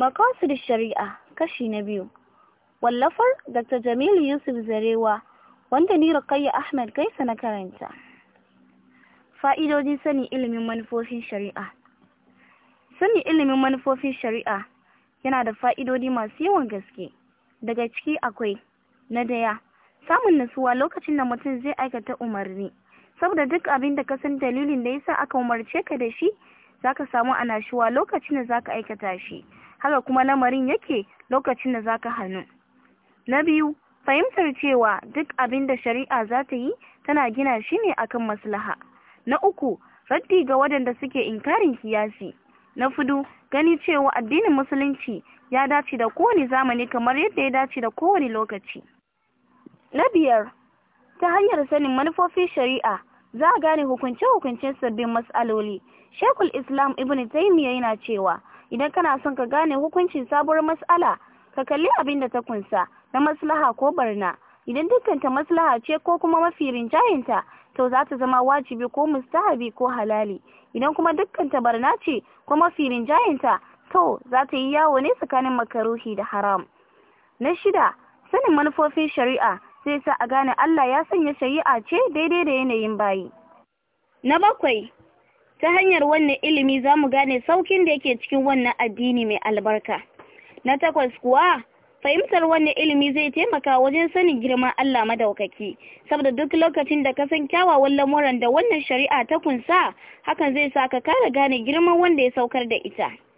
Makasir Shari'a kashi na biyu Wallafar Dr. Jamilu Yusuf Zarewa wanda ni Rukayya Ahmed Gaisa na karanta Fa'idojin sani ilimin manufofin shari'a Sani ilimin manufofin shari'a yana da fa'idodi masu yawan gaske daga ciki akwai na daya samun nasuwa lokacin da mutum zai aikata umarni saboda duk abin da ka san dalilin da yasa aka umarce ka da shi zaka samu anashuwa lokacin da zaka aikata shi haka kuma lamarin yake lokacin da zaka hannu na biyu fahimtar cewa duk abin da shari'a za ta yi tana gina shi ne akan maslaha na uku raddi ga waɗanda suke inkarin kiyasi na fudu gani cewa addinin musulunci ya dace da kowane zamani kamar yadda ya dace da kowane lokaci na biyar ta hanyar sanin manufofin shari'a za a gane hukunce-hukuncen sabbin matsaloli shekul islam ibn taimiyya yana cewa idan kana son ka gane hukuncin sabuwar Mas'ala, ka kalli abin da ta kunsa na maslaha ko barna idan dukkanta maslaha ce ko kuma mafi rinjayenta to za ta zama wajibi ko mustahabi ko halali idan kuma dukkanta barna ce ko mafi rinjayenta to za ta yi yawo ne tsakanin makaruhi da haram na shida sanin manufofin shari'a zai sa a gane Allah ya sanya shari'a ce daidai da yanayin bayi na bakwai ta hanyar wannan ilimi za mu gane saukin da yake cikin wannan addini mai albarka na takwas kuwa fahimtar wannan ilimi zai taimaka wajen sanin girman Allah madaukaki saboda duk lokacin da ka san kyawawan lamuran da wannan shari'a ta kunsa hakan zai sa ka kara gane girman wanda ya saukar da ita